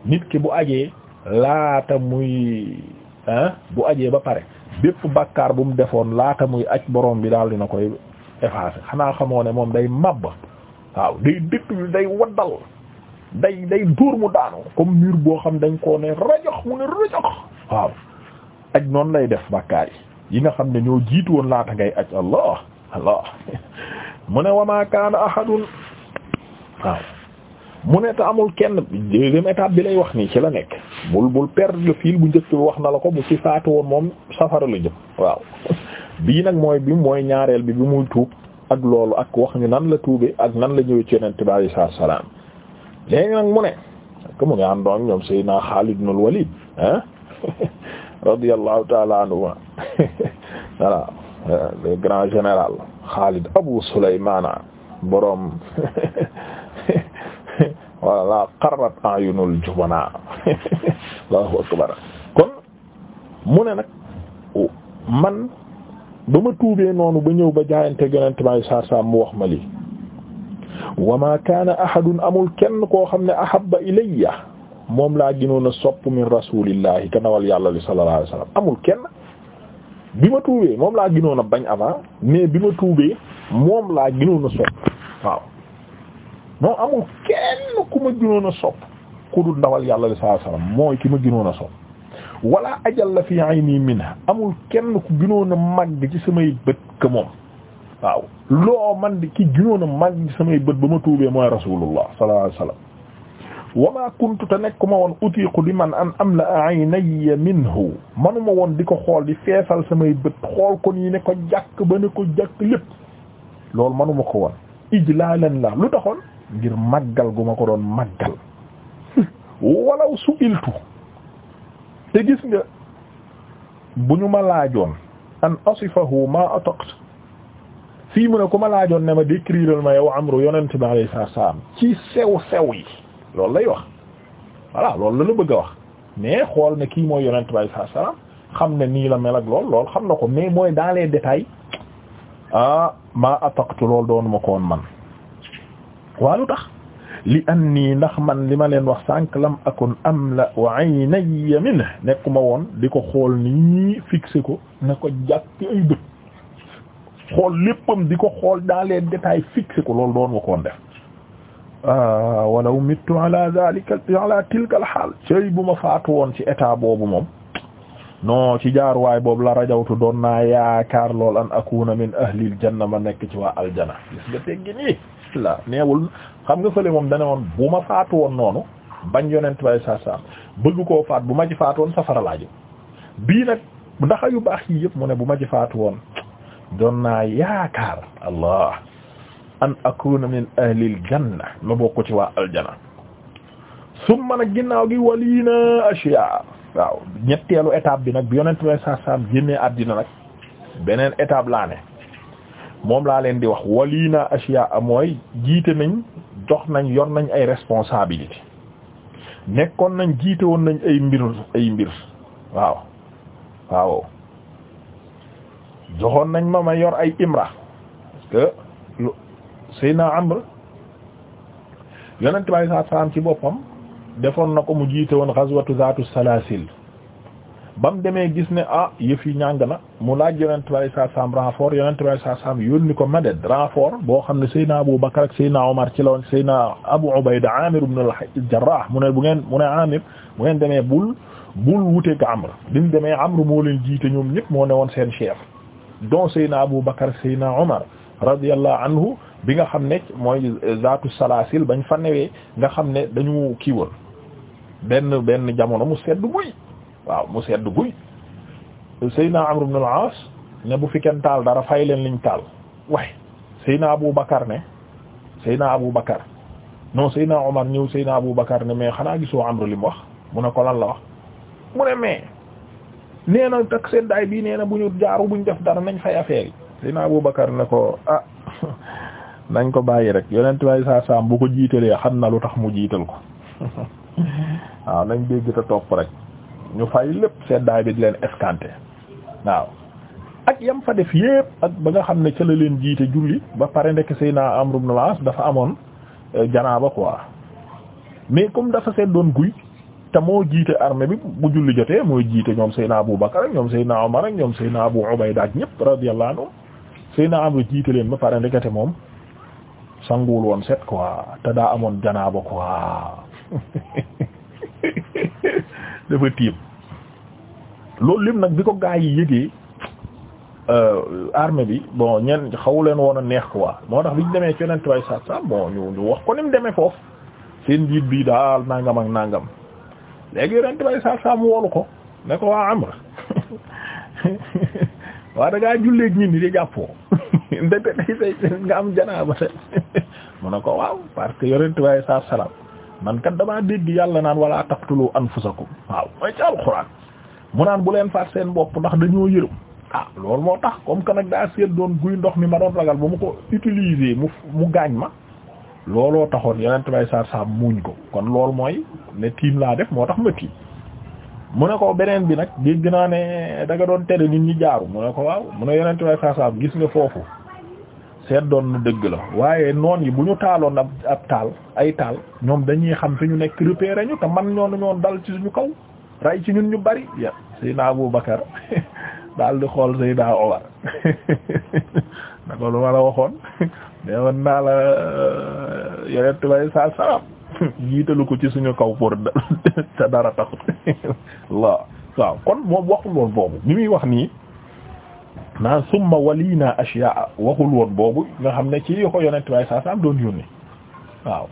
nit ki bu ajee laata muy bu ajee ba pare bépp bàkkaar bu mu defoon laata muy aj borom bi daal dina koy effacer xanaa xamoo ne moom day mabb waaw day dëkk bi day waddal day day dóor mu daanu comme mur boo xam dañ koo ne mu ne rajox waaw ak noonu lay def bàkkaar yi yi nga xam ne ñoo jiitu woon laata ngay aj allah allah [laughs] mu ne wama kaana ahadun waaw mu ne te amul kenn bi lay wax nii ci la nekk bul bul perdre le fil bu njëkk wax na la ko bu ci saatu woon moom safara la jëm waaw [laughs] bii nag mooy bi mooy ñaareel bi bi muy tuub ak loolu ak wax ñu nan la tuube ak nan la ñëwee ci yonent bi alayhi salaam léegi nag mu ne que mu ngi àndoon ñoom Seydina Xaalid ibn Walid ah [laughs] radiyallahu taala anhuma [laughs] voilà euh, le grand général Khalid Abu Sulaymana borom wala [laughs] qarrat ayunul jubana [laughs] Allahu akbar kon mu ne nag man ba ma tuubee noonu ba ñëw ba jaayante yonent may saar saam mu wax ma lii wa ma kaana ahadun amul kenn koo xam ne ahabba ilayya moom laa gënoon a sopp min rasulillahi ka nawal yàlla li sallallahu alayhi amul kenn bi ma tuubee moom laa gënoon a bañ avant mais bi ma tuubee moom laa gënoon a sopp waaw non amul kenn ku ma gënoon sopp ku dul ndawal yàlla li sallallahu alayhi wasallam mooy ki ma gënoon a sopp wala ajal la fi ayni minha amul kenn ku gënoon a màgg ci samay bët que moom waaw loo man di ki gënoon a màgg ci samay bët ba ma tuubee mooy rasulullah sallallahu alayhi wa ma kuntu te nekkuma woon utiiqu di man an am la aynaya minhu manuma woon di ko xool di feesal samay bët xool ko nii ne ko jàkk ba ne ko jàkk lépp loolu manuma ko woon ijlaalan la lu taxoon ngir màggal guma ko doon màggal [laughs] walaw su iltu te gis nga bu ñu ma laajoon an asifahu ma ataqt fii mu ne ku ma laajoon ne ma décriral ma yow amru yonent bi alayhi salaam ci sew sew yi loolu lay wax voilà loolu la la bëgg a wax mais xool ne kii mooy yonent bi saa salaam xam ne nii la mel ak lool lool xam na ko mais mooy dans les détails ah maa ataqtu loolu doonu ma ko man waa lu tax li anni ndax man li ma leen wax sànq lam ak akun am la wa aynaya minhu nekkuma woon di ko xool nii fixé ko na ko jàpp ay bët xool léppam di ko xool dans les détails fixé ko lool doon ma ko def Ah, walaw mittu ala zalika ala tilka bu ma faatu woon ci état boobu moom non ci jaaruwaay boobu la rajawtu doon naa yaakaar lool an akuna min ahlil janna ma nekk ci waa aljana gis nga teggi neewul xam nga fële moom dane woon bu ma faatu woon noonu bañ yonent bay sa sam bëgg koo faat bu ma ci woon safara laajo bii nag ndaxa yu baax yi yëpp mu ne bu ma ci faatu woon doon naa yaakaar allah an akuna min ahlil janna ma bokk ci waa aljana summa nag ginnaaw gi waliina ashiya waaw ñetteelu étape bi nag bi yonent may saa saam àddina nag beneen étape laa ne moom laa leen di wax waliina ashiya amooy jiite nañ jox nañ yor nañ ay responsabilité nekkoon nañ jiite woon nañ ay mbir ay mbir waaw waaw joxoon nañ ma ma yor ay imra Seydina Amr yonent bi sallallahu alayhi ci boppam defoon na ko mu jiite woon ghazwatu zaatu salaasil ba demee gis ne a ah, yëf yi ñàng na mu laaj yonent bi sallallahu alayhi wasallam renfort yonent bi sallallahu alayhi ko Maded renfort boo xam ne Seydina Abu Bakar ak Seydina Omar ci la woon Abu Ubayda Amir ibn al mu ne bu ngeen mu ne bu ngeen demee bul bul wuteeg Amr bi mu demee Amr moo leen jiite ñoom ñëpp moo ne woon seen chef donc Seydina Abu Bakar Seydina Omar radiyallahu anhu bi nga xam ne mooy zaatu salaasil bañ fa newee nga xam ne dañu kii woon benn benn jamono mu sedd guy mu sedd guy Seydina Amr ibn al-As ne bu fi kenn taal dara fay leen liñ taal waaye Seydina Abu Bakar ne Seydina Abu Bakar non Seydina Omar ñëw Seydina Abu Bakar ne mais xanaa gisoo Amr li wax mu ne ko lan la wax mu ne mais nee na ak seddaay bii nee na bu ñu jaaru buñ def dara nañ fay affaire yi Seydina Abu Bakar ne ko ah, nañ ko bàyyi rek yonent way saa saam bu ko jiitalee xam na lu tax mu jiital ko [laughs] waaw nañ dégg te topp rek ñu fay lépp seddaay bi di leen escanter waaw ak yam fa def yépp ak ba nga xam ne ca leen jiite julli ba pare ndekk Seydina Amr ibn al dafa amoon euh, janaaba quoi mais comme dafa seet doon guy te moo jiite armée bi bu julli jotee mooy jiite ñoom Seydina Abu Bakar ak ñoom Seydina Omar ak ñoom Seydina Abu Ubayda ak ñëpp radiyallahu anhum Seydina Amr jiite leen ba pare ndekete moom sanguwul woon set quoi te daa amoon janaaba quoi dafa tiim loolu lépp nag bi ko gaa yi yëgee euh, armée bi bon ñen xawu leen woon a neex quoi moo tax bi ñu demee ci yeneen tubaab sax sax bon ñu ñu wax ko ni mu demee foofu seen njiit bi daal nangam ak nangam léegi yeneen tubaab sax sax mu ko ne ko waa Amr [laughs] waa da ngaa jullee ak ñun jàppoo. ndeke day say nga am janaaba tey [laughs] mu ne ko waaw parce que yonent waaye saa salaam man kat damaa dégg yàlla naan wala taqtulu ko waaw mooy ci alxuraan mu naan bu leen faat seen bopp ndax dañoo yërëm ah loolu moo tax comme que nag daa seet doon guy ndox mi ma doon ragal ba mu ko utiliser mu mu gaañ ma looloo taxoon yonent waaye saa salaam muuñ ko kon loolu mooy ne tiim laa def moo tax ma tiim mu ne ko beneen bi nag dégg naa ne da nga doon tere nit ñi jaaru mu ne ko waaw mu ne yonent waaye saa salaam gis nga foofu. seet doon na dëgg la waaye noon yi bu ñu taaloon ab ab taal ay taal ñoom dañuy xam fi ñu nekk repérer ñu te man ñoo ñoon dal ci suñu kaw ray ci ñun ñu bari ya Seydina Abu Bakar [laughs] daal di xool Seydina Omar [laughs] naka lu ma la waxoon mais [laughs] woon naa la euh, yonent bay saa salam jiitalu ko ci suñu kaw pour te dara taxut waaw waaw kon moom waxul boobu bi muy wax nii naan summa walina ashyaa waxul woon boobu nga xam ne ci ko yonent waaye saa saam doon yónni waaw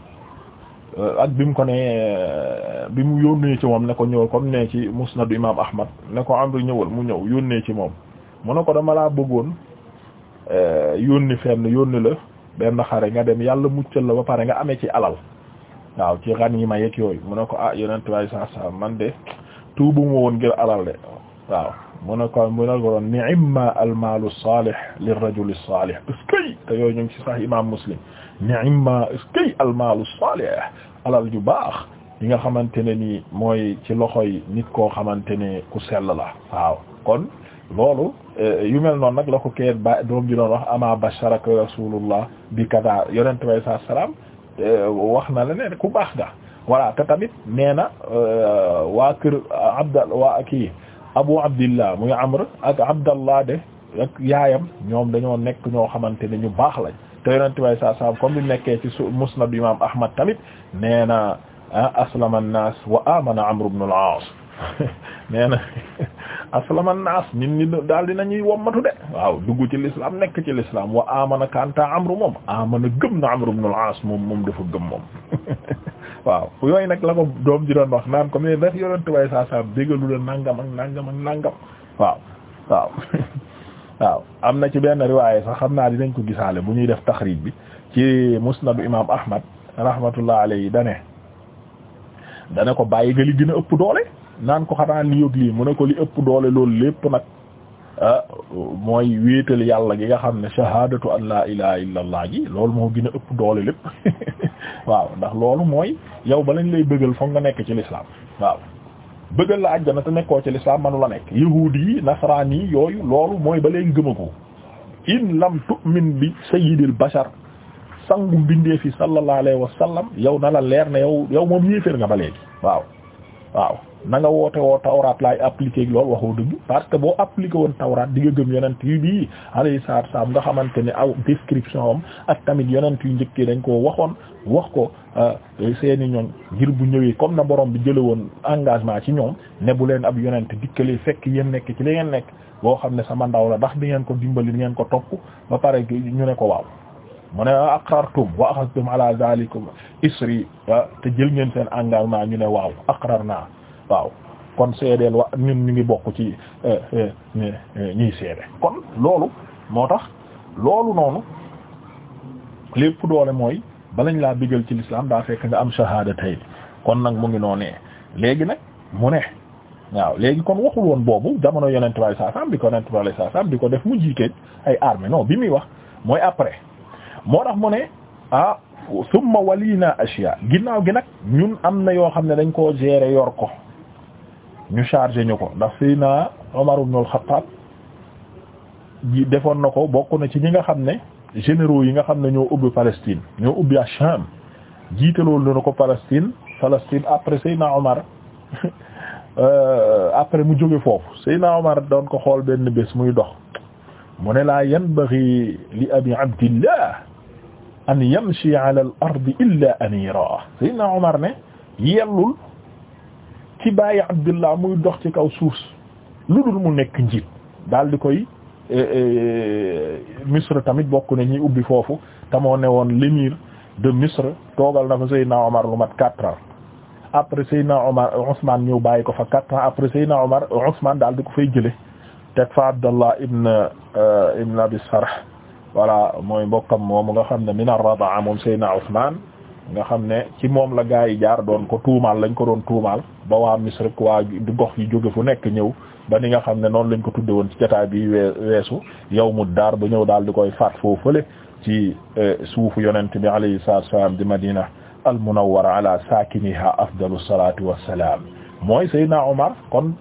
euh, ak bi mu ko ne euh, bi mu yónnee ci moom ne ko ñëw comme ne ci musnadu imam ahmad ne ko amru ñëwal mu ñëw yónnee ci moom mu ne ko dama laa bëggoon euh, yónni fenn yónni la benn xare nga dem yàlla muccal la ba pare nga amee ci alal waaw ci ganiima yeeg yooyu mu ne ko ah yonent waaye saa saam man de tuubu ma woon ngir alal de waaw mu ne ko mu ne ko ni'ma almaalu salih lirajuli salih eskay yooyu ñu ngi ci sax imam muslim ni'ma eskay almaalu salih alal ju baax yi nga xamante ne nii mooy ci loxoy nit koo xamante ne ku sell la waaw kon loolu eh, yu mel noonu nag la ko keet ba doom ji doon wax ama basharaka rasulullah bi kada yonente bi saa salaam eh, wax na la ne ku baax ga voilà te tamit nee na eh, waa kër abdal waa kii abu abdillah muy amr ak abdallah de yaayam ñoom dañoo nekk ñoo xamante ne ñu baax lañ te yonent bay saa saam comme ni nekkee ci musnad imam ahmad tamit nee na ah, aslama an-nas wa amana amr ibn al-aas [laughs] nee na aslama naas nit ñi daal dinañuy wommatu de waaw dugg ci l'islam nekk ci l'islam wa amana kanta amru moom amana gëm na amru ibn al moom moom dafa gëm moom [laughs] waaw yooyu nag la ko doom ji doon wax naan ko mais daf yonent way saa saa déggalu la nangam ak nangam ak nangam waaw waaw [laughs] waaw am na ci benn riwaaye sax xam naa dinañ ko gisaale bu ñuy def taxriij bi ci musnadu imam ahmad rahmatullah alayhi dane dane ko bàyyi nga li gën ëpp doole naan ko xanaa li yóg mu ne ko li ëpp doole loolu lépp nag ah mooy wéetal yàlla gi nga xam ne shahadatu an la ilaha illa allah ji loolu moo gën a ëpp doole lépp [laughs] waaw ndax loolu mooy yow ba lañ lay bëggal foog nga nekk ci l'islam waaw bëggal la àjjana te nekkoo ci l'islam manu la nekk yahuudi yi nasaraan yi yooyu loolu mooy ba leen gëma ko in lam tu'min bi sayyidil bashar sangu mbindee fi sallallahu alayhi wa sallam yow na la leer ne yow yow moom yéeféer nga ba léegi waaw na nga woote woo tawraat laay appliqué loolu waxoo dëgg parce que boo appliqué woon tawraat di nga gëm yonent yi bii alayhi salaatu salaam nga xamante ne aw description am ak tamit yonent yu njëkkee dañ koo waxoon wax ko euh, seeni ñoñ ngir bu ñëwee comme na borom bi jële woon engagement ci ñoom nebu leen ab yonent dikkalee fekk yéen nekk ci li ngeen nekk boo xam ne sama ndaw la ndax di ngeen ko dimbali di ngeen ko topp ba pare ñu ne ko waaw mu ne aqrartum wa axadtum ala zalikum isri euh, te jël ngeen engagement ñu ne waaw aqrar naa waaw kon seedeel wa ñun ñu ngi bokk ci eh, eh, eh, ñiy seede kon loolu moo tax loolu noonu lépp doole mooy balañ laa bigal ci l'islam daa fekk nga am shahadatay kon nag mu ngi noonee léegi nag mu ne waaw léegi kon waxul woon boobu jamono yonent bi saa saam bi ko yonent bi saa saam di ko def mu jiite ay armée non bi muy wax mooy après moo tax mu ne ah summa walina ashiya ginnaaw gi nag ñun am na yoo xam ne dañ ko gérer yor ko ñu chargé ñu ko ndax Seydina naa ibn al-Khattab defoon na ko bokk na ci ñi nga xam ne généraux yi nga xam ne ñoo ubbi Palestine ñoo ubbi Sham jiitaloon na ko Palestine Palestine après Seydina Omar [laughs] euh, après mu jóge foofu Seydina Omar doon ko xool benn bés muy dox mu ne laa yanbaghi li abi abdillah an yamshi ala al ardi illa anira Seydina ne yellul ci bàyyi Abdullah muy dox ci kaw suuf lu dul mu nekk njiit daal di koy eh, eh, Misr tamit bokk na ñuy ubbi foofu te moo woon l'émir de Misr toogal na fa Seydina Omar lu mat quatre ans après Seydina Omar Ousmane ko fa quatre après Seydina Omar Ousmane daal di ko fay jële teg fa Abdallah ibn eh, Abi Sarh voilà mooy mbokkam moomu nga xam ne min ar-radaa moom Seydina Ousmane nga xam ne ci moom la gaa yi jaar doon ko tuumaal lañ ko doon tuumaal ba waa Misr ak waa gox yu jóge fu nekk ñëw ba ni nga xam ne noonu lañ ko tudde woon ci jotaay bi weesu yawmu daar ba ñëw daal di koy faat foofu fële ci e, suufu yonent bi alayhi salaatu wa salaam di Madina al munawwara ala saakiniha afdalu salaatu wassalaam mooy Seydina Omar kon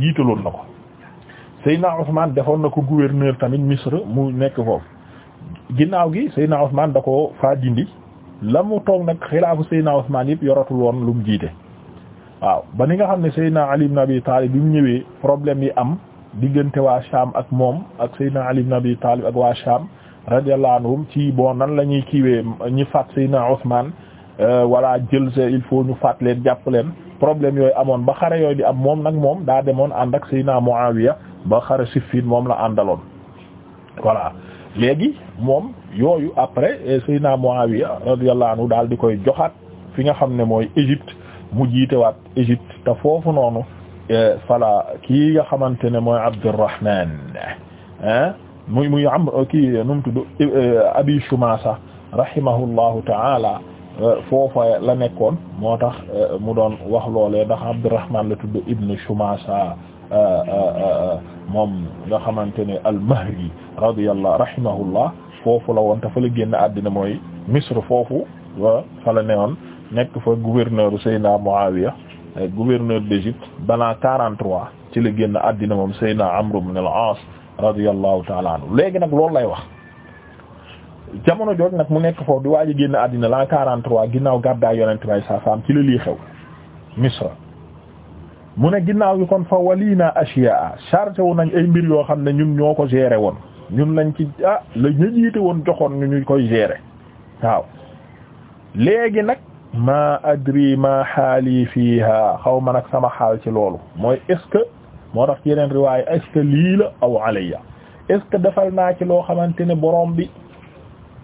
jiitaloon na ko Seydina Ousmane defoon na ko gouverneur tamit Misr mu nekk foofu ginnaaw gi Seydina Ousmane da ko faa dindi la mu toog nag xilaafu Seydina Ousmane yëpp yoratul woon lu mu jiite waaw ba ni nga xam ne Seydina Ali ibn Abi Talib bi mu ñëwee problème yi am diggante waa Sham ak moom ak Seydina Ali ibn Abi Talib ak waa Sham radiyallahu anhum ci bon nan la ñuy kiiwee ñi faat Seydina Ousmane euh, wala jël sa il faut ñu faat leen jàpp leen problème yooyu amoon ba xare yooyu di am moom nag moom daa demoon ànd ak Seydina Muawiya ba xare Siffin moom la àndaloon voilà léegi moom yooyu après eh, Seydina Muawiya radiyallahu anhu daal di koy joxaat fi nga xam ne mooy Égypte mu jiitewaat Égypte te foofu noonu eh, fala kii nga xamante ne mooy Abdurrahman eh, muy muy am kii nu mu tudd Abi Shumasa rahimahullahu ta'ala foofa la nekkoon moo tax mu doon wax loole ndax Abdurrahman la tudd Ibn Shumasa moom nga xamante ne al-Mahri radiyallahu rahimahullah foofu la woon te fa la génn àddina mooy Misr foofu fa la newoon nekk fa gouverneur Seyna Muawiya eh, gouverneur d'Égypte balaa 43 ci la génn àddina moom Seyna Amr ibn al-As radiyallahu ta'ala léegi nag loolu lay wax jamono jooj nag mu nekk foofu di waaj génn àddina la 43 ginnaaw gàddaay yonent may sa saam ci la lii xew Misra mu ne ginnaaw gi kon fa waliina ashiyaa chargé wu nañ ay mbir yoo xam ne ñun ñoo ko géré woon ñun lañ ci ah, la ñu jiite woon joxoon ñu ñu koy gérer waaw léegi nag ma adri ma xaali fiiha xaw ma nag sama xaal ci loolu mooy est-ce que moo tax yeneen riwaay est-ce lii la aw alayya est-ce defal naa ci loo xamante ne borom bi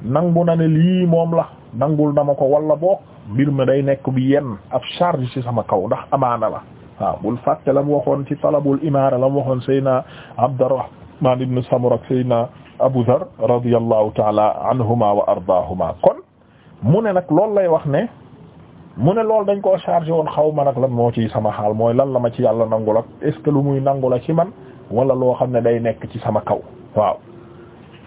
nangu na ne lii moom la nangul na ma ko walla boog mbir mi day nekk bi yenn ab charge ci sama kaw ndax amaana la waaw bul fàtte la mu waxoon ci talabul imaara la mu waxoon Seyna Abdurrahman Usmaan ibn Samura ak Seydina Abu Dhar radiyallahu taala anhuma wa ardaahuma kon mu ne nag loolu lay wax ne mu ne loolu dañ ko chargé woon xaw ma nag lan moo ciy sama xaal mooy lan la ma ci yàlla nangul ak ce que lu muy nangu ci man wala loo xam ne day nekk ci sama kaw waaw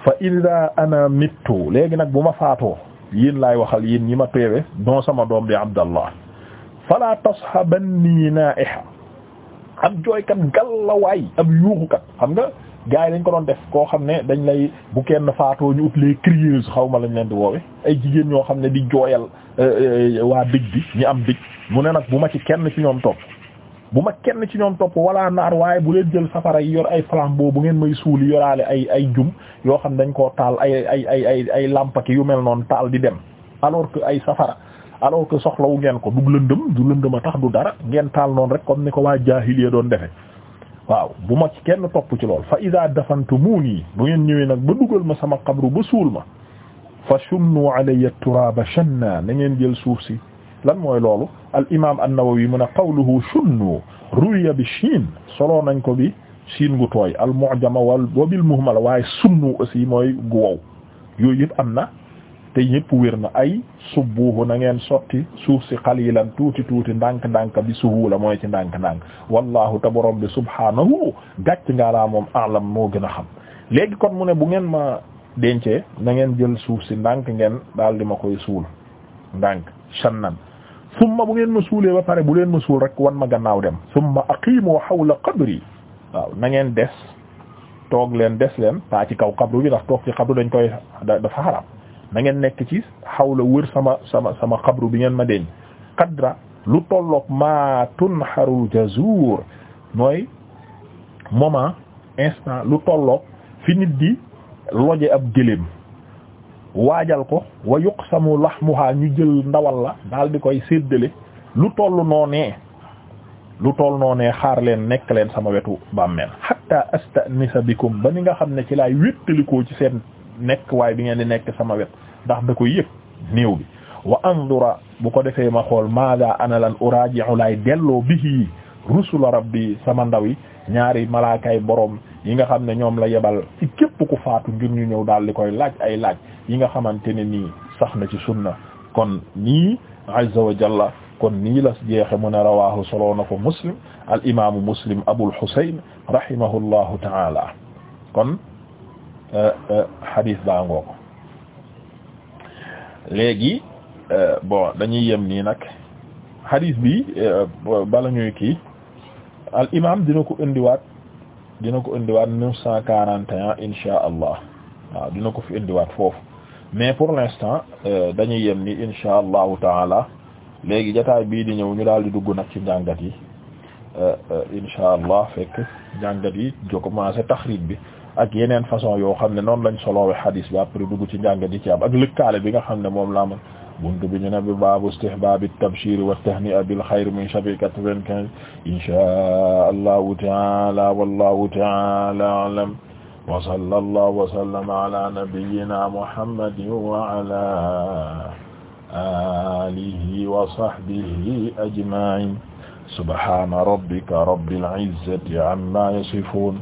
fa ida ana mittu léegi nag bu ma faatoo yéen laay waxal yéen yi ma teewe don sama doom di abdallah fala tashabannii naiha ab jooykat gàllawaay ab yuuxukat xam nga gars yi dañ ko doon def koo xam ne dañ lay bu kenn faatoo ñu ut les crieuses xaw ma lañ leen di woowe ay jigéen ñoo xam ne di jooyal euh, euh, waa dëj bi ñu am dëj mu ne nag bu ma ci kenn ci ñoom topp bu ma kenn ci ñoom topp wala naar waaye bu leen jël safara yi yor ay flambeau bu ngeen may suuli yoraale ay ay jum yoo xam dañ koo taal ay ay ay ay ay yu mel noonu taal di dem alors que ay safara alors que soxlawu ngeen ko du lëndëm du lëndëm a tax du dara ngeen taal noonu rek comme ni ko waa jaahiliya doon defe waaw bu ma kenn topp ci lool fa ida dafantumuuni bu ngeen ñëwee nag ba dugal ma sama xabru ba suul ma fa shunnu alayya turaaba shanna na ngeen jël suuf si lan mooy loolu al imam an-Nawawi mu ne qawluhu shunnu ruya bi shiin soloo nañ ko bi shiin gu tooy al mu'jama wal wa waaye sunnu aussi mooy gu yooyu yëpp am na te ñëpp wér na ay subbuhu na ngeen sotti suuf si xalilan tuuti tuuti ndànk-ndànk bi suhuula mooy ci ndànk-ndànk wallahu te borom bi subhaanahu gàcc ngaa laa moom alam moo gën a xam léegi kon mu ne bu ngeen ma dencee na ngeen jël suuf si ndànk ngeen daal di ma koy suul ndànk shannan summa bu ngeen ma suulee ba pare bu leen ma suul rek wan ma gannaaw dem summa aqiimu hawla qabri waaw na ngeen des toog leen des leen taa ci kaw xabru bi ndax toog ci xabru dañ koy dafa na nekk ci xawla wër sama sama sama xabru bi ngeen ma deñ qadra lu tollook ma tunxarul jazur mooy moment instant lu tolloog fi nit di loje ab gëléem waajal ko wa yuqsamu lahmuha ñu jël ndawal la daal di koy séddale lu toll noonee lu toll noonee xaar leen nekk leen sama wetu bàmmeel hatta astanisa bikum ba ni nga xam ne ci laay wéttalikoo ci seen nekk waay bi ngeen di nekk sama wet ndax da koy niiw néew bi wa andura bu ko defee ma xool maada ana lan uraaji'u laay delloo bihi rusula rabbi sama ndaw yi ñaari malaakay borom yi nga xam ne ñoom la yebal ci képp ku faatu ngir ñu ñëw daal di koy laaj ay laaj yi nga xamante ne nii sax na ci sunna kon nii azza wa jalla kon nii la jeexe mu ne rawaahu soloo na ko muslim al imaamu muslim abul husayn rahimahullahu taala kon Euh, euh, xadiis baa ngoo ko léegi euh, bon dañuy yem nii nag xadiis bi bala ñuy kii al imaam dina ko indiwaat dina ko indiwaat neuf cent quarante et un insha allah waaw dina ko fi indiwaat foofu mais pour l'instant dañuy yem ni insha allahu taala léegi jotaay bii di ñëw ñu daal di dugg nag ci njàngat yi insha allah fekk njàngat yi jo commencé taxriij bi ak yeneen façon yoo xam ne noonu lañ soloowe xadiis bi après dugg ci njàng di ci am ak lëkkaale bi nga xam ne moom laa mën buntu bi ñu ne bi baabu istihbaabi tabshir wa tahni'a bil xayr min chapitre quatre-vingt-quinze inshaa allahu taala wallahu taala alam wa sallallahu wa sallama ala nabiyyina muhammadin wa ala alihi wa sahbihi ajma'in subhana rabbika rabbil izzati amma yasifun